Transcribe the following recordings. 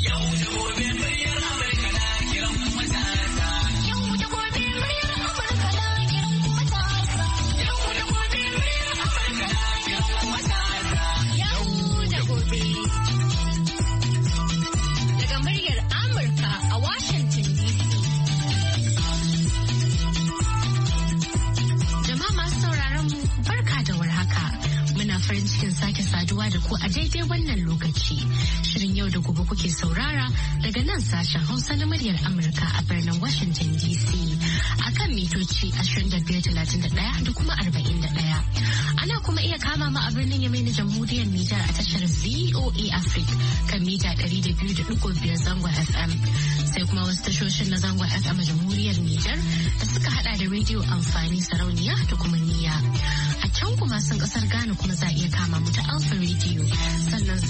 Yo, yo. Hausa muryar Amurka a birnin Washington DC a kan mitoci 2531 da kuma 41. Ana kuma iya kama ma a birnin Yamai na Jamhuriyar Nijar a tashar VOA Africa kan mita 200.5 zangon FM. Sai kuma wasu tashoshin na zangon FM a Jamhuriyar Nijar da suka hada da rediyo amfani sarauniya da kuma niyya. A can kuma sun kasar Ghana kuma za a iya kama mu ta Alpha Radio.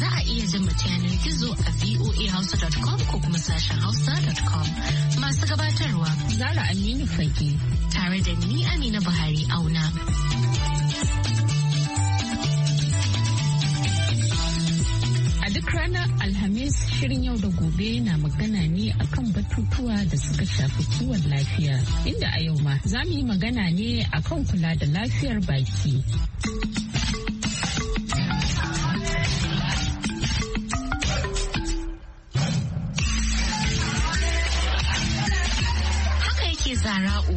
za a iya zama ta yanar gizo a voahausa.com ko kuma sashen hausa.com. Masu gabatarwa Zara Aminu Fage tare da ni Amina Buhari auna. A duk ranar Alhamis shirin yau da gobe na magana ne akan batutuwa da suka shafi kiwon lafiya inda a yau ma za mu yi magana ne akan kula da lafiyar baki. zara'u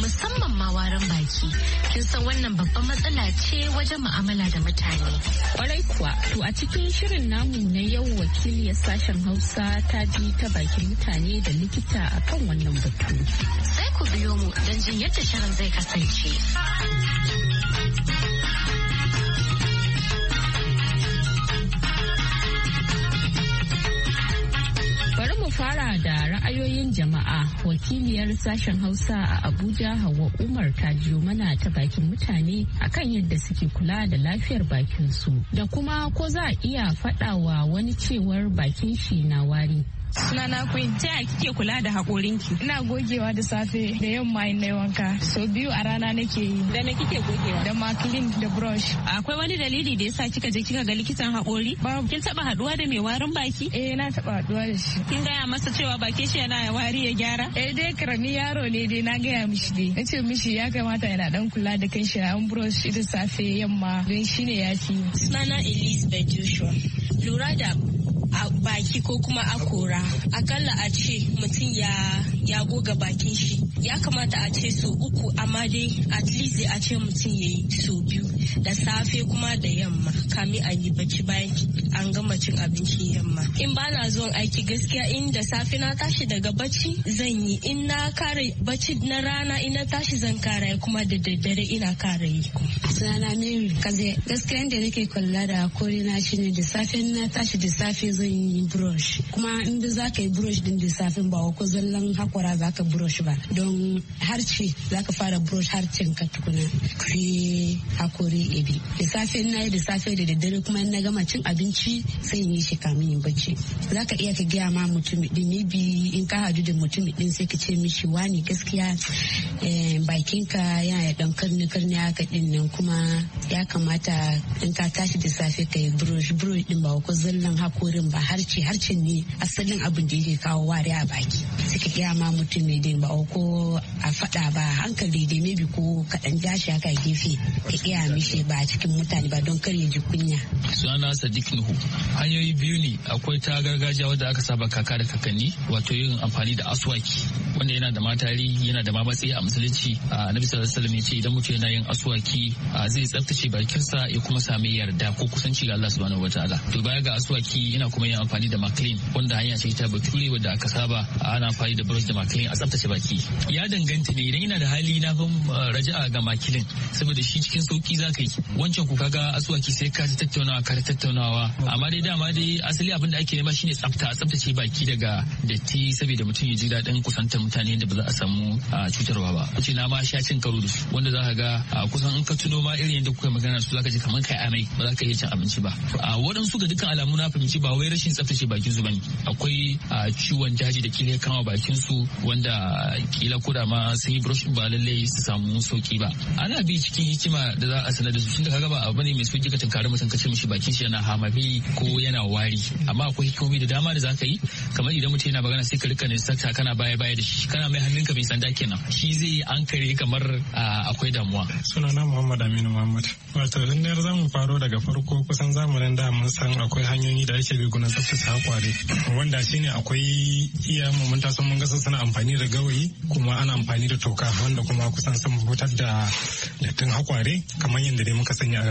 musamman ma warin baki kin san wannan babban matsala ce wajen mu'amala da mutane kwarai kuwa to a cikin shirin namu na yau wakiliyar sashen hausa ta bi ta bakin mutane da likita akan wannan batu sai ku biyo mu don jin yadda shirin zai kasance ra'ayoyin jama'a wakiliyar sashen hausa a abuja hawa umar ta jiyo mana ta bakin mutane akan yadda suke kula da lafiyar bakin su da kuma ko za a iya faɗawa wani cewar bakin shi na wari Sunana Queen, ta yaya kike kula da hakorinki. Ina gogewa da safe da yamma in na wanka. So biyu a rana nake yi. Da me kike gogewa? Da clean da brush. Akwai wani dalili da yasa kika je kika ga likitan haƙori? Babu. Kin taba haɗuwa da mai warin baki? Eh na taba haɗuwa da shi. Kin gaya masa cewa bakin shi yana wari ya gyara? Eh dai karami yaro ne dai na gaya mishi dai. Na ce mishi ya kamata yana dan kula da kanshi shi an brush da safe yamma don shine ya fi. Sunana elise Joshua. Lura da a baki ko kuma akora akalla a ce mutum ya ya goga bakin shi ya kamata a ce so uku amma dai at least a ce mutum ya yi so biyu da safe kuma da yamma kami a yi bacci bayan an gama cin abinci yamma in ba na zuwan aiki gaskiya in da safe na tashi daga bacci zan yi in na kare bacci na rana ina tashi zan kara kuma da daddare ina kara yi sunana mary kaze gaskiya da nake kula da kore na shine da safe na tashi da safe zo zan yi brush kuma in za ka yi brush din lissafin ba ko zallan hakora za ka brush ba don harci za ka fara brush harcen ka tukuna kuri hakori ebi lissafin na yi safe da daddare kuma in na gama cin abinci sai in yi shi kamin yin bacci za ka iya ka gaya ma mutum din ne bi in ka hadu da mutum din sai ka ce mishi wani gaskiya eh, bakin ka ya dan karni karni haka din nan kuma ya kamata in ka tashi da safe ka yi brush brush din ba ko zallan hakorin ba harce harcen ne asalin abin da yake kawo ware a baki suka gaya ma mutum ne dai ba ko a fada ba hankali dai bi ko kaɗan jashi haka gefe ka gaya mishi ba cikin mutane ba don kar ya ji kunya. sunana sadiq nuhu hanyoyi biyu ne akwai ta gargajiya wadda aka saba kaka da kakanni wato yin amfani da aswaki wanda yana da ma tari yana da ma a musulunci annabi sallallahu alaihi wasallam ya ce idan mutum yana yin aswaki zai tsaftace bakinsa ya kuma sami yarda ko kusanci ga Allah subhanahu wataala to baya ga aswaki yana kuma yin amfani da maklin wanda hanya ce ta bature wanda aka saba ana amfani da brush da maklin a tsaftace baki ya danganta ne idan yana da hali na ga raja'a ga maklin saboda shi cikin sauki zaka yi wancan ku kaga aswaki sai ka tattaunawa ka tattaunawa amma dai dama dai asali abin da ake nema shine tsafta tsaftace baki daga datti saboda mutum ya ji daɗin kusantar mutane da ba za a samu cutarwa ba ce na ma sha cin karo da su wanda za ka ga kusan in ka tuno ma irin yadda kuka magana su za ka ji kamar kai amai ba za ka iya cin abinci ba a waɗansu ga dukkan alamu na fahimci ba wai rashin tsaftace bakin su bane akwai ciwon daji da kila ya kama bakin su wanda kila da ma sun yi brush ba lallai su samu sauki ba ana bi cikin hikima da za a sanar da su tunda kaga ba abu ne mai sauki ka tunkari mutum ka ce mishi bakin shi yana hamabi ko yana wari amma akwai hikimomi da dama da za ka yi kamar idan mutum yana magana sai ka rika ne sata kana baya baya da shi kana mai hannunka mai sanda kenan shi zai an kare kamar akwai damuwa sunana muhammad aminu muhammad wato lindar za mu faro daga farko kusan zamanin da mun san akwai hanyoyi da ake bi gunan tsaftace hakware wanda shine akwai iya mun mun taso mun ga suna amfani da gawayi kuma ana amfani da toka wanda kuma kusan sun fitar da dattin hakware kamar yadda dai muka sanya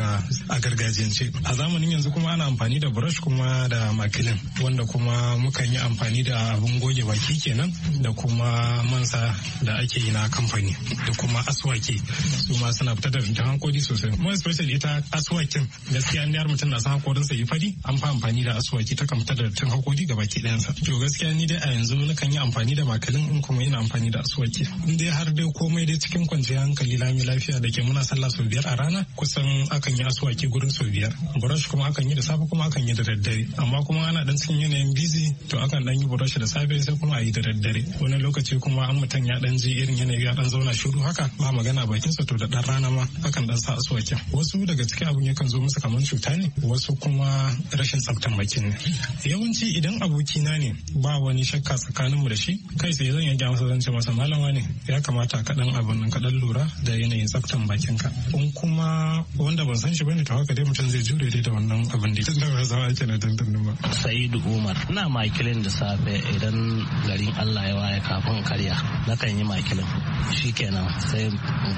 a gargajiyance a zamanin yanzu kuma ana amfani da brush kuma da makilin wanda kuma mukan yi amfani da abin goge baki kenan da kuma mansa da ake yi na kamfani da kuma aswaki su ma suna fitar da fitar hankali sosai kuma especially ita aswakin gaskiya ni har mutum na san sa yi fari an fa amfani da aswaki ta kan fitar da fitar hankali gaba ki ɗayansa to gaskiya ni dai a yanzu kan yi amfani da makalin in kuma yana amfani da aswaki in dai har dai komai dai cikin kwanciyar hankali lami lafiya da ke muna sallah sau biyar a rana kusan akan yi aswaki gurin sau biyar brush kuma akan yi da safe kuma akan yi da daddare amma kuma ana dan cikin yanayin busy to akan dan yi brush da safe sai kuma a yi da daddare wani lokaci lokaci kuma an mutum ya dan ji irin yanayi ya dan zauna shiru haka ba magana bakin sa to da dan rana ma akan dan sa asuwakin wasu daga cikin abun yakan zo musu kamar cuta ne wasu kuma rashin tsaftan bakin ne yawanci idan aboki na ne ba wani shakka tsakanin mu da shi kai sai zan yanke masa zance ce masa malama ne ya kamata ka dan abun nan ka dan lura da yanayin tsaftan ka in kuma wanda ban san shi bane to haka dai mutum zai jure dai da wannan abin da ya ba za a na dandan ba sa'idu umar ina makilin da safe idan garin Allah ya waye kafin kan karya na kan yi makilin shi kenan sai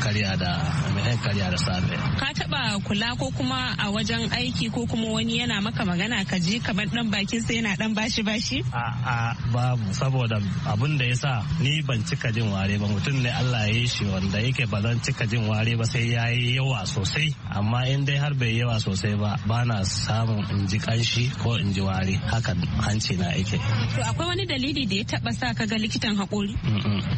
karya da mihin karya da safe ka taba kula ko kuma a wajen aiki ko kuma wani yana maka magana ka ji kamar dan bakin sai yana dan bashi bashi a a babu saboda abin da yasa ni ban cika jin ware ba mutum ne Allah ya yi shi wanda yake ba zan cika jin ware ba sai ya yi yawa sosai amma in dai har bai yawa sosai ba ba na samun in ji kanshi ko in ji ware hakan hanci na yake to akwai wani dalili da ya taba sa ka ga likitan haƙori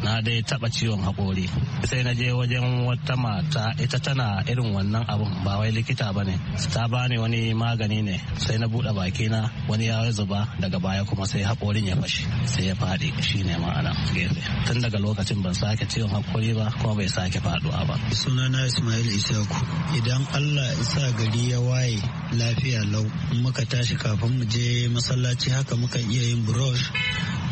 na dai taba ciwon haƙori haƙori sai na je wajen wata mata ita tana irin wannan abun ba wai likita ba ne ta bani wani magani ne sai na buɗe baki na wani ya zuba daga baya kuma sai hakorin ya fashe sai ya faɗi ne ma'ana gefe tun daga lokacin ban sake ciwon haƙori ba kuma bai sake faɗuwa ba sunana ismail isaku idan allah isa gari ya waye lafiya lau muka tashi kafin mu je masallaci haka muka iya yin brush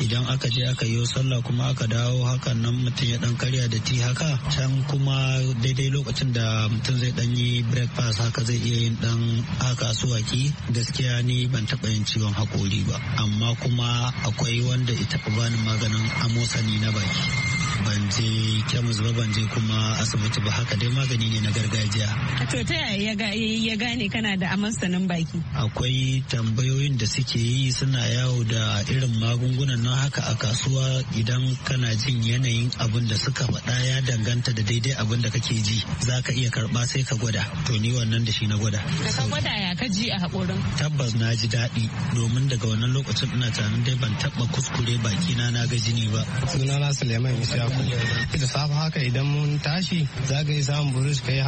idan aka je aka yi sallah kuma aka dawo hakan nan mutum ya dan karya da ti haka can kuma daidai lokacin da mutum zai dan yi breakfast haka zai iya yin dan haka suwaki gaskiya ni ban taba yin ciwon hakori ba amma kuma akwai wanda ita bani maganin amosani na baki ban je kemis ba ban je kuma asibiti ba haka dai magani ne na gargajiya to ta ya gane kana da aman sanin baki akwai tambayoyin da suke yi suna yawo da irin magungunan na haka a kasuwa idan kana jin yanayin abin da suka faɗa ya danganta da daidai abin da kake ji zaka iya karba sai ka gwada to ni wannan da shi na gwada da ka gwada ya ka ji a hakurin tabbas na ji daɗi domin daga wannan lokacin ina tunanin dai ban taɓa kuskure bakina na ga jini ba sunana suleiman isa da safe haka idan mun tashi za ka yi samun burus ka yi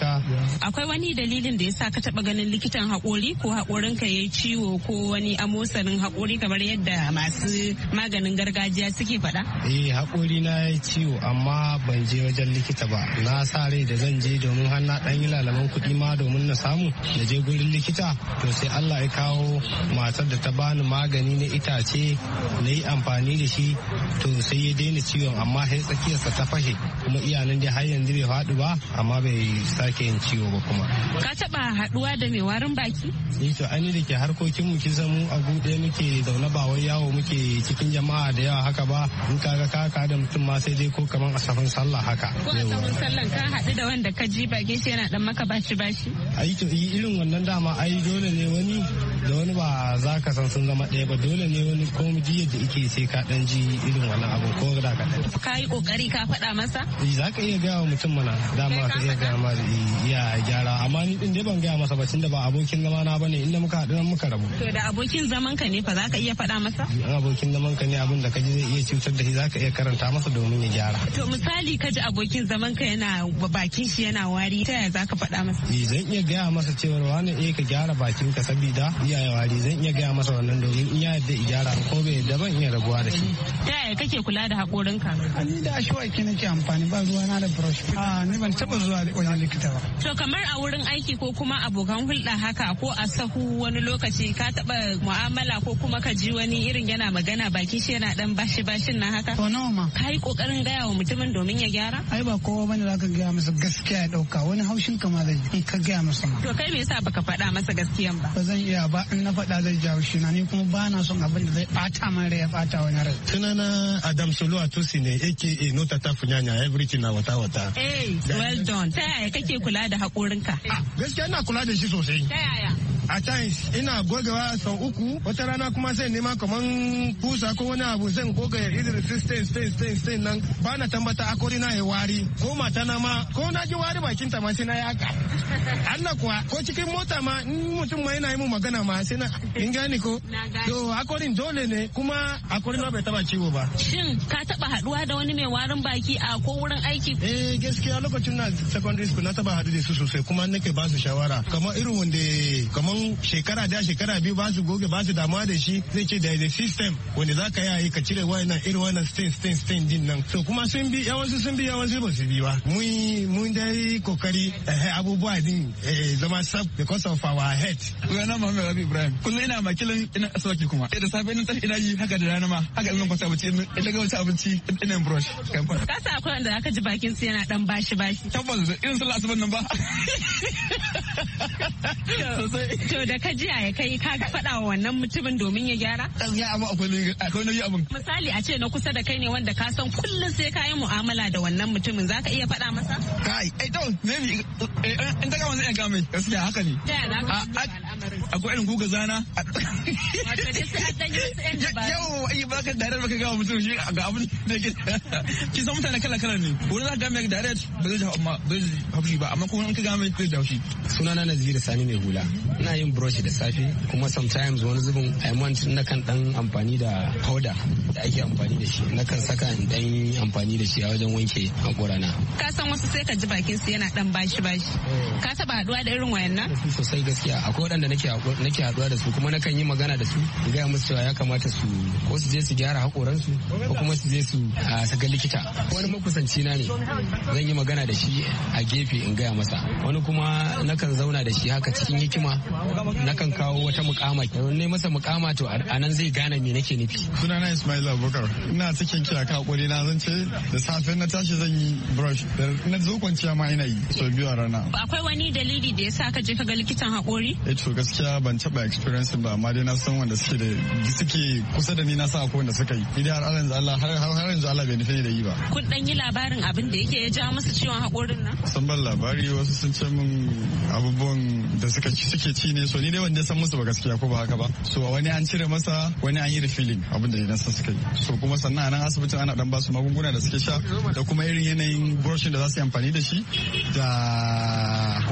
ka. akwai wani dalilin da ya sa ka taɓa ganin likitan hakori ko ka ya yi ciwo ko wani amosarin hakori kamar yadda masu maganin gargajiya suke faɗa. eh haƙori na ya ciwo amma ban je wajen likita ba na sa rai da zan je domin har na ɗan yi lalaman kuɗi ma domin na samu na je gurin likita to sai Allah ya kawo matar da ta bani magani na itace na yi amfani da shi to sai ya daina ciwon amma amma sai tsakiyarsa ta fashe kuma iyalan da har yanzu bai faɗi ba amma bai sake yin ciwo ba kuma ka taɓa haɗuwa da mai warin baki eh to ani da ke harkokin mu kin mu a buɗe muke zaune ba wai yawo muke cikin jama'a da yawa haka ba in kaga ka ka da mutum ma sai dai ko kaman asafin sallah haka ko asafin sallan ka haɗu da wanda ka ji ba shi yana dan maka bashi bashi ai to irin wannan dama ai dole ne wani da wani ba za ka san sun zama ɗaya ba dole ne wani komiji yadda ike sai ka ɗan ji irin wani abu ko da ka ɗan. Ka yi ƙoƙari ka faɗa masa? Eh, za ka iya gaya wa mutum mana dama ka iya gaya masa iya eh, gyara amma ni ɗin dai ban gaya masa ba tunda ba abokin zama na ne inda muka haɗu nan muka rabu. To da abokin zaman ka ne fa za ka iya faɗa masa? Eh, in abokin zaman ka ne abin da ka ji zai iya cutar da shi za ka iya karanta masa domin ya gyara. To misali ka ji abokin zaman ka yana bakin shi yana wari ta yaya za ka faɗa masa? Zan iya gaya masa cewa wani eh ka gyara bakin ka sabida ya yi wari zan iya gaya masa wannan domin in ya yadda gyara ko bai yadda ban iya rabuwa da shi. Ta yaya kake kula da haƙorinka? A ni da ashwaki nake amfani ba ruwa na da brush. A ni ban taɓa zuwa wajen likita ba. To kamar a wurin aiki ko kuma abokan hulɗa haka ko a sahu wani lokaci ka taɓa mu'amala ko kuma ka ji wani irin yana magana baki shi yana ɗan bashi bashin na haka? To nawa ma. Ka yi ƙoƙarin gaya wa mutumin domin ya gyara? Ai ba kowa bane za ka gaya masa gaskiya ya ɗauka wani haushin kama zai ka gaya masa ma. To kai me yasa baka faɗa masa gaskiyan ba? Ba zan iya ba ba in na faɗa zai jawo shi na ni kuma ba na son abin da zai ɓata man rai ya ɓata wani rai. Sunana Adam Solo Atusi ne aka nota ta funyanya everything na wata wata. Eh well done. Ta yaya kake kula da haƙorinka? Ah, gaskiya ina kula da shi sosai. Ta yaya? a times ina gogewa sau uku wata rana kuma zai nema kaman kusa ko wani abu zan goga irin stain stain stain stain nan ba na tambata akori na ya wari ko mata na ma ko na ji wari bakin ta ma sai na yaka Allah kuwa ko cikin mota ma in mutum ma yana yi mu magana ma sai na in gani ko to akorin dole ne kuma akorin na bai taba ciwo ba shin ka taba haduwa da wani mai warin baki a ko wurin aiki eh gaskiya lokacin na secondary school na taba haɗu da su sosai kuma nake ba su shawara kamar irin wanda kamar wani shekara da shekara biyu ba su goge ba su damuwa da shi zai ce da system wanda za ka yi ka cire nan irin wannan stain stain stain din nan so kuma sun bi yawansu sun bi yawansu ba su bi ba mun mun yi kokari eh, abubuwa din eh, zama sub because of our head na Muhammad Rabi Ibrahim kullum ina makilin ina asaki kuma eh, da safe nan tashi ina yi haka da rana ma haka ina kwasa abinci ina ga abinci ina brush kan fara ka sa akwai wanda aka ji bakin su yana dan bashi bashi tabbas irin sallah asuban nan ba sosai To da ka ji ya kai ka faɗa wa wannan mutumin domin ya gyara? Ya amma akwai akwai nauyi abin. Misali a ce na kusa da kai ne wanda ka san kullum sai ka yi mu'amala da wannan mutumin za ka iya faɗa masa? Kai, ai eh, to ni. Eh, eh, in ta gama zan iya gama gaskiya haka ne. Ta yana ka Akwai irin guga zana. Wato sai Yau ai baka da dare ba ka gama mutum shi ga abin da ke. Ki san mutane kala kala ne. Wani za ka gama direct ba zai ji haushi ba amma kuma in ka gama zai ji haushi. Sunana Zira Sani mai hula. ina yin brush da safe kuma sometimes wani zubin i want na kan dan amfani da powder da ake amfani da shi na kan saka in dan amfani da shi a wajen wanke na ka san wasu sai ka ji bakin su yana dan bashi bashi eh. ka taba haduwa da irin wayannan sosai gaskiya akwai wadanda nake nake haduwa da su kuma na kan yi magana da su in ga musu cewa ya kamata su ko su je su gyara hakoran su ko kuma su je su saka likita wani makusanci na ne zan yi magana da shi a gefe in gaya masa wani kuma nakan zauna da shi haka cikin hikima Na kan kawo wata mukama ne masa mukama to a nan zai gane me nake nufi na Ismail Abubakar ina cikin kira ka hakuri na zan ce da safe na tashi zan yi brush da na zo kwanciya ma ina yi so biyu a rana akwai wani dalili da ya sa ka je ka ga likitan hakori eh to gaskiya ban taba experience ba amma dai na san wanda suke da suke kusa da ni na sa akwai wanda suka yi ni har yanzu Allah har har yanzu Allah bai nufi da yi ba kun dan yi labarin abin da yake ya ja musu ciwon hakorin nan san ban labari wasu sun ce min abubuwan da suka ci suke ci ne so ni dai wanda san musu ba gaskiya ko ba haka ba so wani an cire masa wani an yi refilling abin da ne nasa suka yi so kuma sannan a nan asibitin ana dan basu magunguna da suke sha da kuma irin yanayin brushing da za su yi amfani da shi da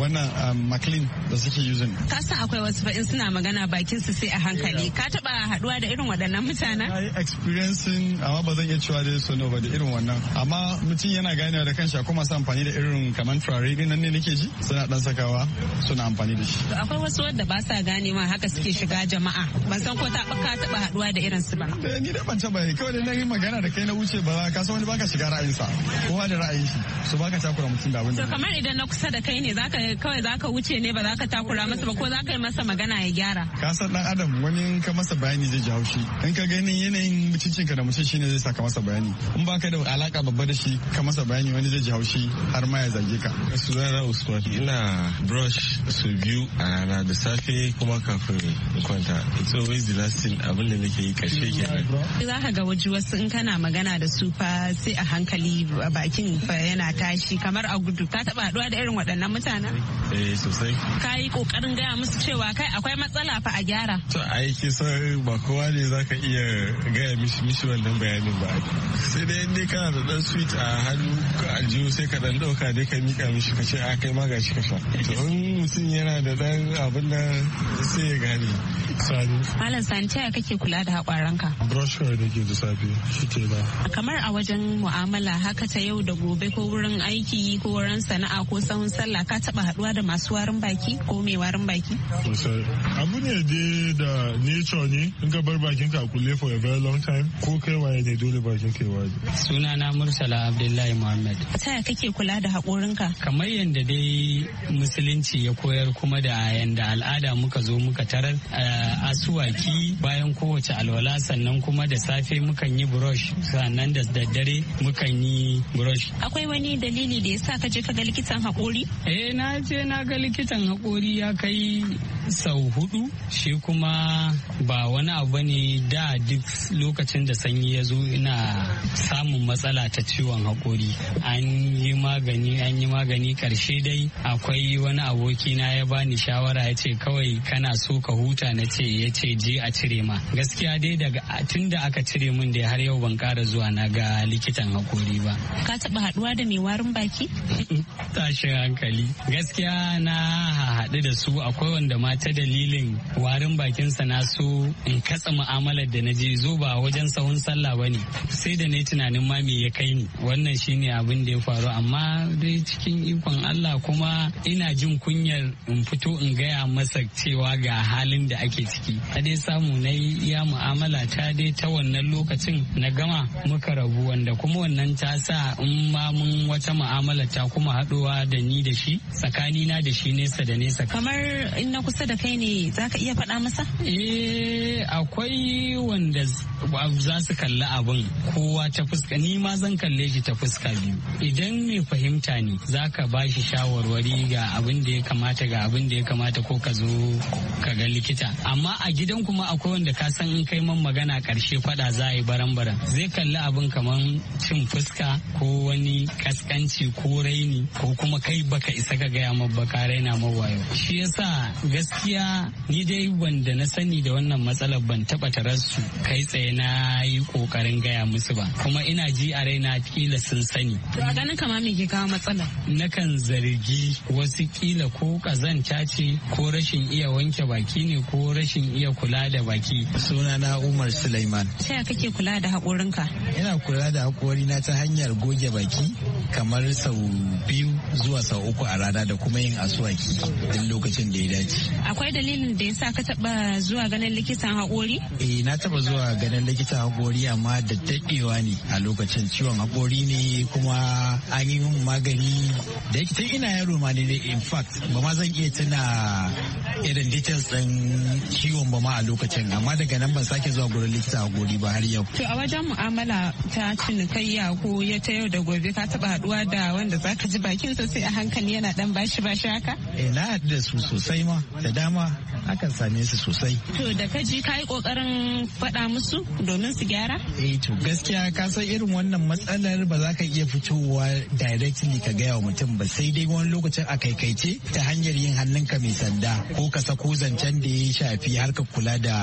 wannan ah, maclean da suke using ka san akwai wasu fa'in suna magana bakin su sai a hankali ka taba haduwa da irin waɗannan mutanen na yi experiencing amma ba zan iya cewa dai so no ba da irin wannan amma mutum yana ganewa da kanshi kuma sa amfani da irin kamar turare nan ne nake ji suna dan sakawa suna amfani da shi akwai wasu wanda ba sa ganewa haka suke shiga jama'a ban san ko ta ka taba haduwa da irin su ba eh, ni da ban taba kawai dai na yi magana da kai na wuce ba ka san wani baka shiga ra'ayinsa kowa da ra'ayin shi su baka takura mutum da abin da kamar idan na kusa da kai ne zaka kawai zaka wuce ne ba zaka takura masa ba ko zaka yi masa magana ya gyara ka san dan adam wani ka masa bayani zai ji haushi in ka gani yanayin mutuncin ka da mutum shine zai saka masa bayani in baka da alaka babba da shi ka masa bayani wani zai ji haushi har ma ya zage ka sunana usman ina brush su biyu a rana da safe kuma kafin in kwanta it's always the last thing abin da nake yi karshe ke za ka ga waje wasu in kana magana da su fa sai a hankali bakin fa yana tashi kamar a gudu ka taba haduwa da irin waɗannan mutanen eh sosai ka yi kokarin gaya musu cewa kai akwai matsala fa a gyara to ai ke san ba kowa ne zaka iya gaya mishi mishi wannan bayanin ba sai dai in kana da dan sweet a hannu ka aljiyo sai ka dan dauka dai ka mika mishi ka ce a ah, kai ma gashi ka sha to in mutum yana da dan abin wannan sai ya gane sani malam sani ta kake kula da haƙwaranka brush da ke da safe shi ke ba kamar a wajen mu'amala haka ta yau da gobe ko wurin aiki ko wurin sana'a ko sahun sallah ka taɓa haɗuwa da masu warin baki ko mai warin baki abu ne dai da nature ne in ka bar bakin ka kulle for a very long time ko kai waye ne dole bakin kai waje. sunana mursala abdullahi muhammad ta kake kula da haƙorinka kamar yadda dai musulunci ya koyar kuma da yanda al'ada muka zo muka tarar eh, asuwaki bayan kowace alwala sannan kuma da safe mukan yi brush sannan da daddare mukan yi brush akwai wani dalili da yasa ka je ka ga likitan haƙori eh na je na ga likitan hakori ya kai sau hudu shi kuma ba wani abu ne da duk lokacin da sanyi ya zo ina samun matsala ta ciwon hakori an yi magani an yi magani karshe dai akwai wani aboki na ya bani shawara ya ce kawai kana so ka huta na ce ya ce je a cire ma gaskiya dai daga tun da aka cire min da har yau ban kara zuwa na ga likitan hakori ba ka taba haduwa da mai warin baki tashin hankali gaskiya na haɗu da su akwai wanda ma ta dalilin warin bakinsa na so in katsa mu'amalar da na je zo ba wajen sahun sallah ba ne sai da na tunanin ma me ya kai ni wannan shine abin da ya faru amma dai cikin ikon Allah kuma ina jin kunyar in fito in gaya masa cewa ga halin da ake ciki a dai samu na yi iya mu'amala ta dai ta wannan lokacin na gama muka rabu wanda kuma wannan ta sa in ma mun wata mu'amala ta kuma haɗuwa da ni da shi tsakanina da shi nesa da nesa kamar in na kusa da kai ne za ka iya faɗa masa eh akwai wanda za su kalli abin kowa ta fuska ni ma zan kalle shi ta fuska biyu idan mai fahimta ne za ka ba shi shawarwari ga abin da ya kamata ga abin da ya kamata ko ka zo ka ga likita amma a gidan kuma akwai wanda ka san in kai man magana karshe fada za a yi baran-baran zai kalli abin kaman cin fuska ko wani kaskanci ko raini ko kuma kai baka isa ka gaya ma baka raina wayo shi yasa gaskiya ni dai wanda na sani da wannan matsalar ban taba su kai tsaye na yi kokarin gaya musu ba kuma ina ji a raina kila sun sani to a ganin kama me ke kawo matsala nakan zargi wasu kila ko kazanta ce ko ko rashin iya wanke baki ne ko rashin iya kula da baki sunana umar suleiman ta kake kula da haƙorinka ina kula da haƙorina ta hanyar goge baki kamar sau biyu zuwa sau uku a rana da kuma yin asuwaki duk lokacin da ya dace. Akwai dalilin da yasa ka taba zuwa ganin likitan haƙori? Eh na taba zuwa ganin likitan haƙori amma da daɗewa ne a lokacin ciwon haƙori ne kuma an yi min magani da yake ina yaro ma ne in fact ba ma zan iya tuna irin details ɗin ciwon ba ma a lokacin amma daga nan ban sake zuwa gurin likita haƙori ba har yau. To a wajen mu'amala ta cinikayya ko ya ta yau da gobe ka taba haɗuwa da wanda zaka ji bakinsa sosai a hankali yana dan bashi bashi haka? Eh na haɗu da su sosai ma da dama akan same su sosai. To da ka ji ka yi ƙoƙarin faɗa musu domin su gyara? Eh to gaskiya ka san irin wannan matsalar ba za ka iya fitowa directly ka gaya wa mutum ba sai dai wani lokacin a kaikaice ta hanyar yin hannun ka mai sanda ko ka sako zancen da ya shafi harkar kula da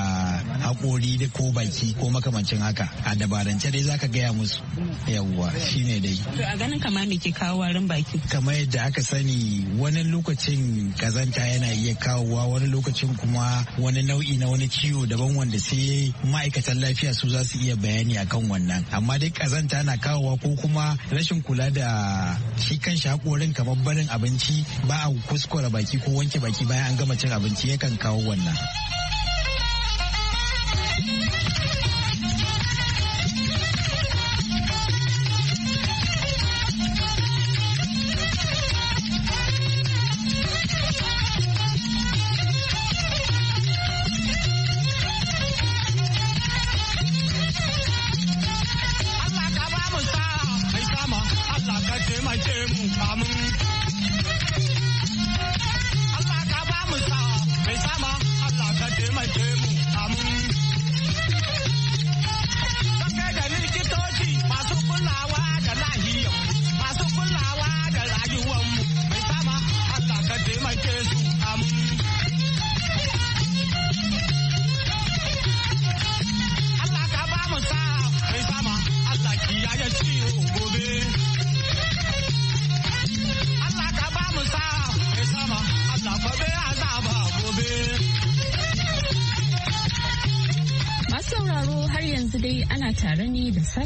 hakori da ko baki ko makamancin haka a dabarance dai za ka gaya musu yawwa shine dai. To a ganin kama me ke kawo warin baki? kamar yadda aka sani wani lokacin kazanta yana iya kawowa wani lokacin kuma wani nau'i na wani ciwo daban wanda sai ma'aikatan lafiya su za su iya bayani akan wannan amma dai kazanta na kawowa ko kuma rashin kula da shi kan hakorin kamar barin abinci ba a kuskura baki ko wanke baki bayan an gama cin abinci yakan kawo wannan.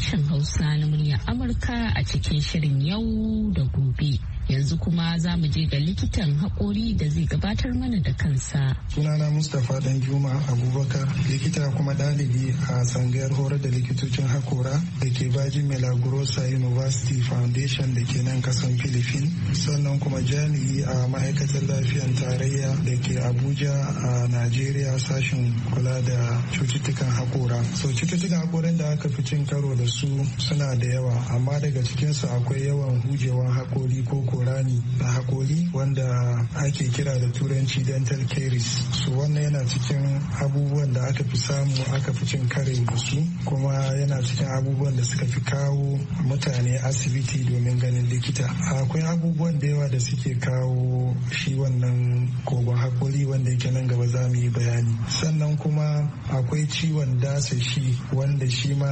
sashen Hausa na muryar Amurka a cikin shirin yau da gobe. yanzu kuma za mu je ga likitan haƙori da zai gabatar mana da kansa. Sunana Mustapha Dan Juma Abubakar likita kuma ɗalibi a sangayar horar da likitocin haƙora da ke Baji Melagrosa University Foundation da ke nan kasan Filifin sannan kuma jami'i a ma'aikatar lafiyar tarayya da ke Abuja a Najeriya sashen kula da cututtukan haƙora. So cututtukan hakoran da aka fi cin karo da su suna da yawa amma daga cikinsu akwai yawan hujewan hakori ko kora ne hakoli hakori wanda ake kira da turanci dental caries su wannan yana cikin abubuwan da aka fi samu aka fi cin kare da su kuma yana cikin abubuwan da suka fi kawo mutane asibiti domin ganin likita akwai abubuwan da yawa da suke kawo shi wannan kogon hakoli wanda yake nan gaba za mu yi bayani sannan kuma akwai ciwon dasashi wanda shi ma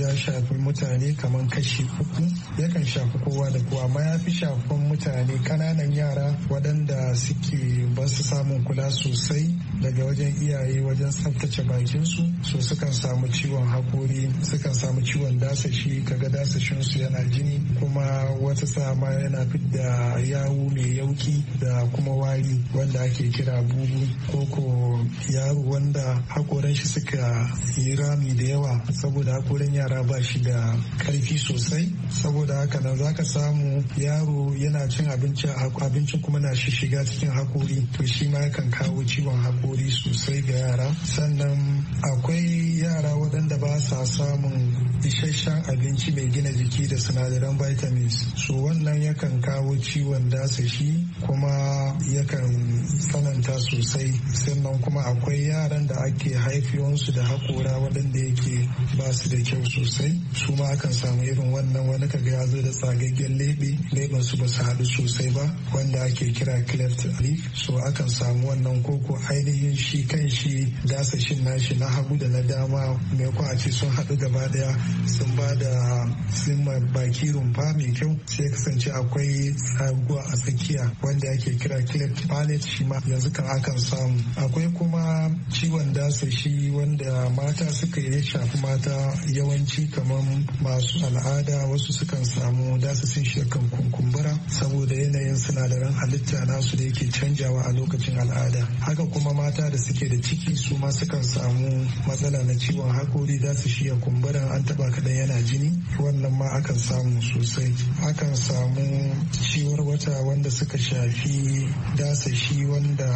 ya shafi mutane kamar kashi uku yakan shafi kowa da kowa amma ya fi shafin mutane kananan yara waɗanda suke ba su samun kula sosai daga wajen iyaye wajen tsaftace bakinsu so sukan samu ciwon haƙori sukan samu ciwon dasashi kaga dasashinsu yana jini kuma wata sama yana fidda yawu mai yauki da kuma wari wanda ake kira bugu koko yaro wanda hakoran shi suka yi rami da yawa saboda hakoran yara ba shi da karfi sosai saboda haka nan ka samu yaro yana cin abinci kuma na shi shiga cikin hakori to shi ma yakan kawo ciwon hakori sosai ga yara sannan akwai yara waɗanda ba sa samun isasshen abinci mai gina jiki da sinadaran vitamins so wannan yakan kawo ciwon dasashi kuma yakan tsananta sosai sannan kuma akwai yaran da ake haifiyonsu da haƙora waɗanda yake ba su da kyau sosai su ma akan samu irin wannan wani kaga ya zo da tsagaggen leɓe leben su basu haɗu sosai ba wanda ake kira cleft leaf so akan samu wannan koko ainihin shi kan shi dasashin nashi na hagu da na dama mai a ce sun haɗu gaba daya sun ba da sun baki rumfa mai kyau sai kasance akwai tsaguwa a tsakiya wanda ake kira cleft palate shi ma yanzu kan akan samu akwai kuma ciwon dasashi wanda mata suka yi shafi mata yawanci kamar masu al'ada wasu sukan samu dasisin shekan kunkumbura saboda yanayin sinadaran halitta nasu da yake canjawa a lokacin al'ada haka kuma mata da suke da ciki su ma sukan samu matsala na ciwon hakori za su shiya kumbura an taba kadan yana jini wannan ma akan samu sosai akan samu ciwon wata wanda suka shafi dasashi wanda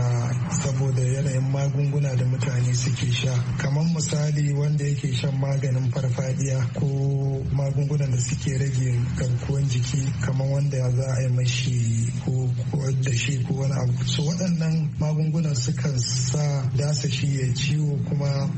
saboda yanayin magunguna da mutane suke sha kamar misali wanda yake shan maganin farfadiya ko magungunan da suke rage garkuwan jiki kamar wanda za a yi mashi ko da shi ko wani abu so waɗannan magungunan sukan sa dasa shi ya ciwo kuma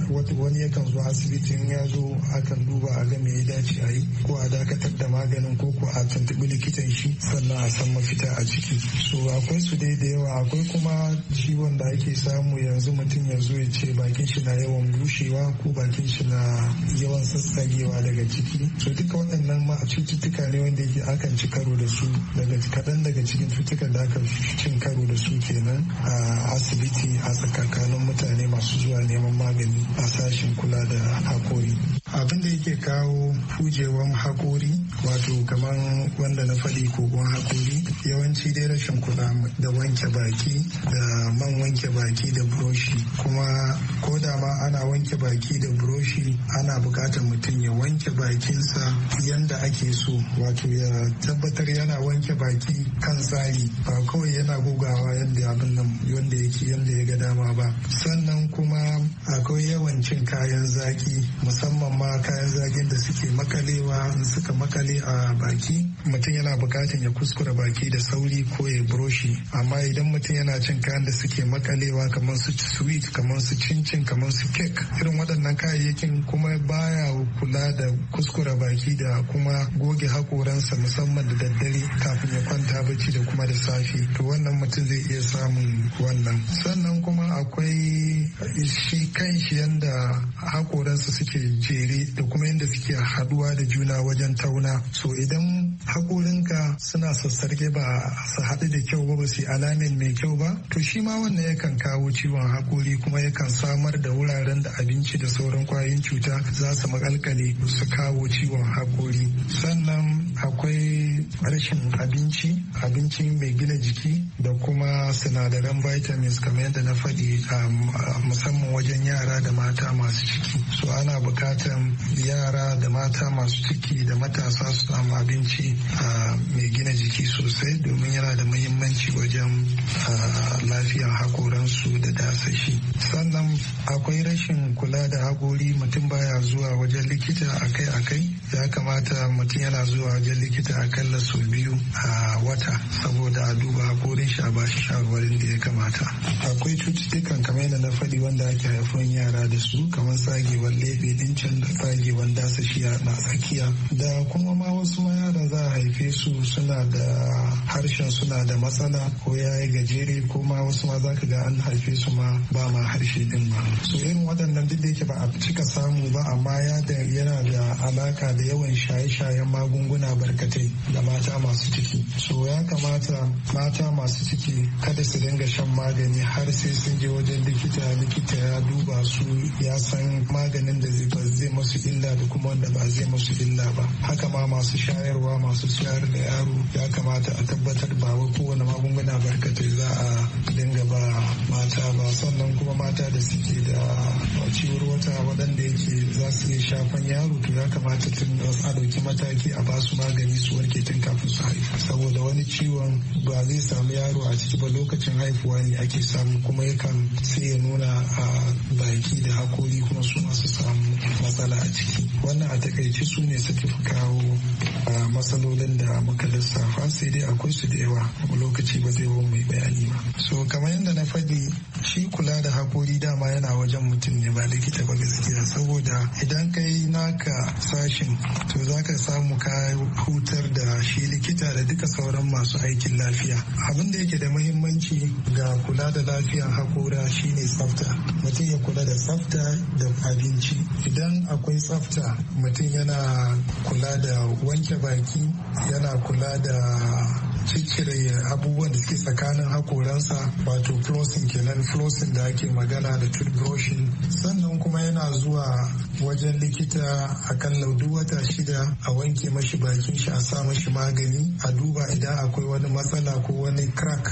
wani yakan zo asibitin ya zo akan duba a ga ya dace a yi ko a dakatar da maganin ko ko a tuntuɓi likitan shi sannan a san mafita a ciki so akwai su dai da yawa akwai kuma ciwon da ake samu yanzu mutum ya zo ya ce bakin shi na yawan bushewa ko bakin shi na yawan sassagewa daga ciki jiki waɗannan ma a cututtuka ne wanda yake akan ci karo da su daga kaɗan daga cikin cututtukan da aka cin karo da su kenan a asibiti a tsakankanin mutane masu zuwa neman magani a sashen kula da hakori abin da yake kawo hujewan haƙori wato kamar wanda na faɗi kogon haƙori yawanci dai rashin kula da wanke baki da man wanke baki da buroshi kuma ko da ma ana wanke baki da buroshi ana buƙatar mutum ya wanke bakinsa yanda ake so wato ya tabbatar yana wanke baki kan tsari ba kawai yana gugawa yadda abin nan wanda yake yadda ya ga dama ba sannan kuma akwai yawan cin kayan zaki musamman kuma kayan zagin da suke makalewa in suka makale a baki mutum yana bukatan ya kuskura baki da sauri ko ya broshi amma idan mutum yana cin kayan da suke makalewa kamar su sweet kamar su cincin kamar su cake irin waɗannan kayayyakin kuma baya kula da kuskura baki da kuma goge hakoransa musamman da daddare kafin ya kwanta bacci da kuma da safe to wannan mutum zai iya samun wannan sannan kuma akwai shi kan shi yanda hakoransa suke jere da kuma yanda suke haduwa da juna wajen tauna so idan haƙorinka suna sassarge ba su haɗu da kyau ba su alamin mai kyau ba to shi ma wannan yakan kawo ciwon haƙori kuma yakan samar da wuraren da abinci da sauran kwayoyin cuta za su makalkale su kawo ciwon haƙori sannan akwai rashin abinci abinci mai gina jiki da kuma sinadaran vitamins kamar yadda na faɗi um, uh, musamman wajen yara da mata masu ciki so ana bukatan yara da mata masu ciki da matasa su samu abinci uh, mai gina jiki sosai domin yana da muhimmanci wajen uh, lafiyar hakoransu da dasashi sannan akwai rashin kula da hakori mutum baya zuwa wajen likita akai-akai ya kamata mutum yana zuwa da likita akalla sau biyu a wata saboda a duba korin shi a bashi shawarwarin da ya kamata akwai cututtukan kamar yadda na faɗi wanda ake haifar yara da su kamar tsagewar lefe dincin da tsagewar dasashiya na tsakiya da kuma ma wasu ma yara za a haife su suna da harshen suna da matsala ko ya yi gajere ko ma wasu ma za ka ga an haife su ma ba ma harshe din ma so irin waɗannan duk da yake ba a cika samu ba amma yana da alaka da yawan shaye-shayen magunguna ba barkatai da mata masu ciki so ya kamata mata masu ciki kada su dinga shan magani har sai sun je wajen likita likita ya duba su ya san maganin da zai masu illa da kuma wanda ba zai masu illa ba haka ma masu shayarwa masu shayar da yaro ya kamata a tabbatar ba wa kowane magunguna barkatai za a dinga ba mata ba sannan kuma mata da suke da ciwar wata waɗanda yake za su iya shafan yaro to ya kamata tun a ɗauki mataki a basu magani su warke tun kafin su haifu saboda wani ciwon ba zai samu yaro a ciki ba lokacin haifuwa ne ake samu kuma yakan sai ya nuna a baki da hakori kuma su masu samu matsala a ciki wannan a takaice su ne suka fi kawo matsalolin da muka lissafa sai dai akwai su da yawa lokaci ba zai mu bayani ba so kamar yadda na faɗi shi kula da hakori dama yana wajen mutum ne ba likita ba gaskiya saboda idan ka naka sashin to za ka samu ka hutar da shi likita da duka sauran masu aikin lafiya abin da yake da muhimmanci ga kula da lafiyar hakora shine tsafta mutum ya kula da tsafta da abinci idan akwai tsafta mutum yana kula da wanke wanke baki yana kula da ciccire abubuwan da suke tsakanin hakoransa wato flossing kenan flossing da ake magana da toothbrushing sannan kuma yana zuwa wajen likita akan laudu wata shida a wanke mashi bakin shi a sa mashi magani a duba idan akwai wani matsala ko wani crack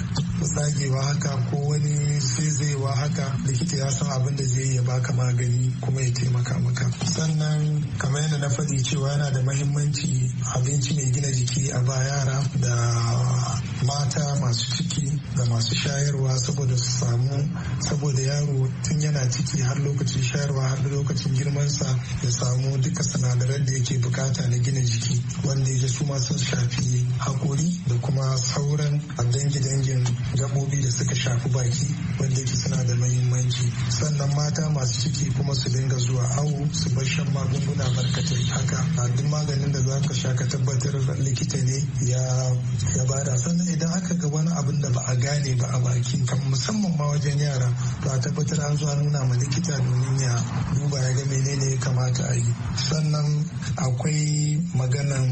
tsagewa haka ko wani zaizayewa haka likita ya san abin da zai ya baka magani kuma ya taimaka maka sannan kamar yadda na faɗi cewa yana da mahimmanci abinci mai gina jiki a ba yara da uh, mata masu ciki da masu shayarwa saboda su samu saboda yaro tun yana ciki har lokacin shayarwa har lokacin girmansa ya samu duka sinadaran da yake bukata na gina jiki wanda yake su masu shafi hakori da kuma sauran dangi-dangin gabobi da suka shafi baki wanda yake suna da mahimmanci sannan mata masu ciki kuma su dinga zuwa awo su bar shan magunguna barkatai haka a duk maganin da za ka sha ka tabbatar likita ne ya bada sannan idan aka ga wani abin da ba a gane ba a baki kan musamman ma wajen yara to a tabbatar an zuwa nuna ma likita domin ya duba ya ga menene ya kamata a yi sannan akwai maganan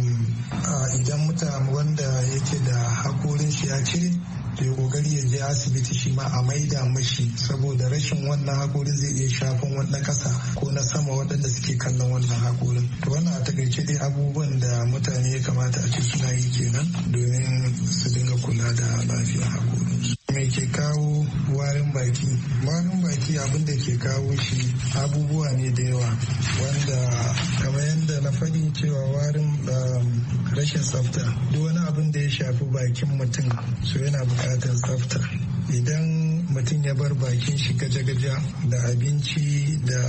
idan mutane wanda yake da wurin shi ya cire to ya kokari ya je asibiti shi ma a maida mashi saboda rashin wannan hakorin zai iya shafin wani kasa ko na sama waɗanda suke kallon wannan hakorin to wannan a takaice dai abubuwan da mutane ya kamata a ce suna yi kenan domin su dinga kula da lafiyar hakori mai ke kawo warin baki warin baki abin da ke kawo shi abubuwa ne da yawa wanda kamar yadda na fadin cewa warin um, rashin tsafta duk wani abin da ya shafi bakin mutum so yana bukatar tsafta idan mutum ya bar bakin shi gaja-gaja da abinci da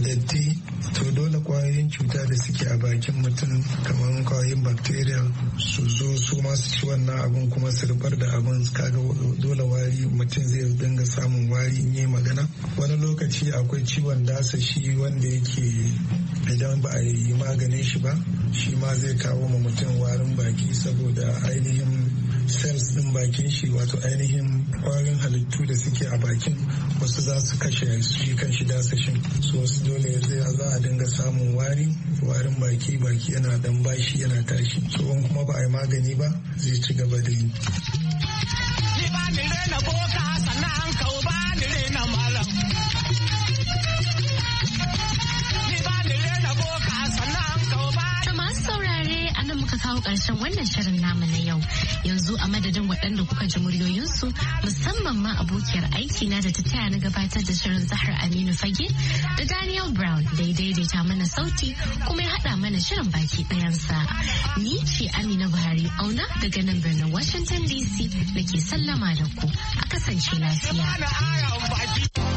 datti to dole kwayoyin cuta da suke a bakin mutum kamar kwayoyin bacteria su zo su masu ci wannan abin kuma su rubar da abin kaga dole wari mutum zai dinga samun wari in yi magana wani lokaci akwai ciwon dasa shi wanda yake idan ba a yi maganin shi ba shi ma zai kawo ma mutum warin baki saboda ainihin cells din bakin shi wato ainihin kwarin halittu da suke a bakin wasu za su kashe shi kan shi dasashin su wasu dole za a dinga samun wari warin baki baki yana dan bashi yana tashi tsohon kuma ba a yi magani ba zai ci gaba da yi ni ba ni rena boka sannan ba ni rena malam karshen wannan shirin namu na yau yanzu a madadin waɗanda kuka ji muryoyinsu musamman ma abokiyar aiki na da ta taya na gabatar da shirin zahar Aminu Fage da Daniel Brown da ya daidaita mana sauti kuma ya haɗa mana shirin baki ɗayansa. Ni ce Amina Buhari auna daga nan birnin Washington DC da ke sallama da ku a kasance lafiya.